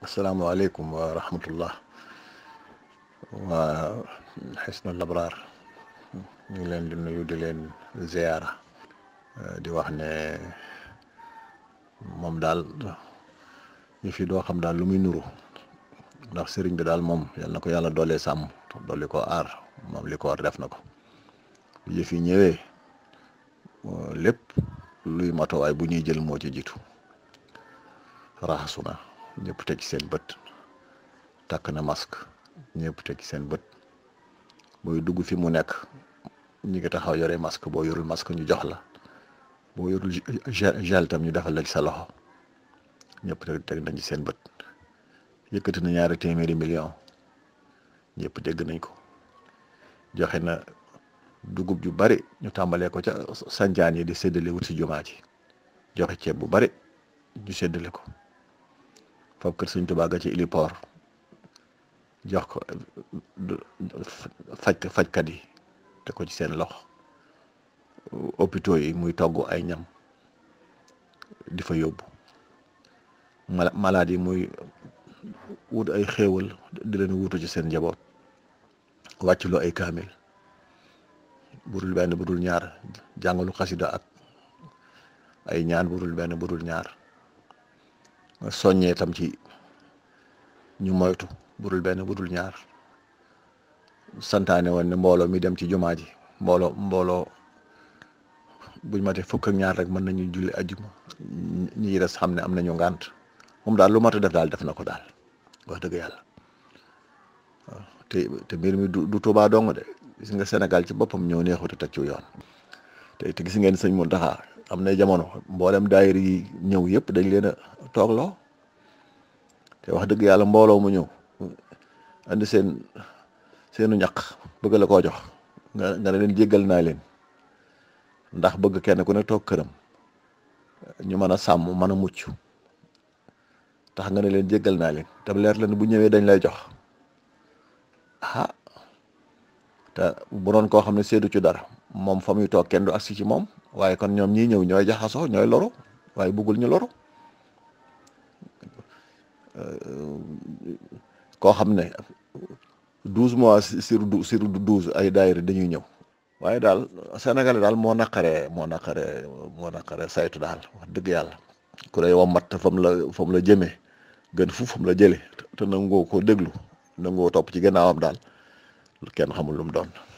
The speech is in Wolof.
السلام عليكم ورحمة الله وحسن الأبرار ñu ngi leen di nuyu di leen ziara di wax ne moom daal ñu fi doo xam daal lu muy nuru ndax sëriñ bi daal moom yàlla na ko yàlla doole sàmm doole ko aar moom li ko war def na ko yëf yi ñëwee lépp luy matuwaay bu ñuy jël moo ci jiitu raxasu na ñëpp teg seen bët takk na masque ñëpp teg seen bët muy dugg fi mu nekk ñu ngi taxaw yore masque boo yorul masque ñu jox la boo yorul gel tam ñu defal la ci sa loxo ñëpp teg nañ ci seen bët yëkkati na ñaari téeméeri million ñëpp dégg nañ ko joxe na dugub ju bari ñu tàmbalee ko ca sanjaan yi di séddale wut si jumaa ji joxe ceeb bu bari ñu séddale ko fab kër sëñ Tuubaa ga ci iliport jox ko faj fajkat yi te ko ci seen lox hôpitaux yi muy togg ay ñam di fa yóbbu malade yi muy wut ay xéewal di leen wutu ci seen njaboot ay kaamil budul benn budul ñaar jàngalu xasida ak ay ñaan budul benn budul ñaar soññee tam ci ñu moytu budul benn budul ñaar santaane woon ne mbooloo mi dem ci jumaa ji mbooloo mbooloo buñ matee fukk ak ñaar rek mën nañu jule ajjuma ñi des xam ne am nañu ngànt moom daal lu mat def daal def na ko daal dëgg yàlla te te mbir mi du Tuubaa dong de gis nga Sénégal ci boppam ñëw neexut a teg ci yoon te te gis ngeen sëñ Mountakha am na jamono mboolem daayir yi ñëw yépp dañ leen a toogloo te wax dëgg yàlla mbooloo mu ñëw andi seen seenu ñaq bëgg la koo jox nga nga leen jéggal naa leen ndax bëgg kenn ku ne toog këram ñu mën a sàmm mën a mucc tax nga ne leen jéggal naa leen te leer leen bu ñëwee dañ lay jox ah te bu doon koo xam ne séedu ci dara. moom fa muy toog kenn du agsi ci moom waaye kon ñoom ñii ñëw ñooy jaxasoo ñooy loru waaye bëggul ñu loru euh, koo xam ne douze mois sur sur douze ay daayira dañuy ñëw waaye daal sénégalais daal moo naqaree moo naqaree moo naqaree saytu daal wax dëgg yàlla ku lay wammat fa la fa mu la jëmee gën fu fa la jëlee te nangoo koo déglu nangoo topp ci gannaawam daal kenn xamul lu mu doon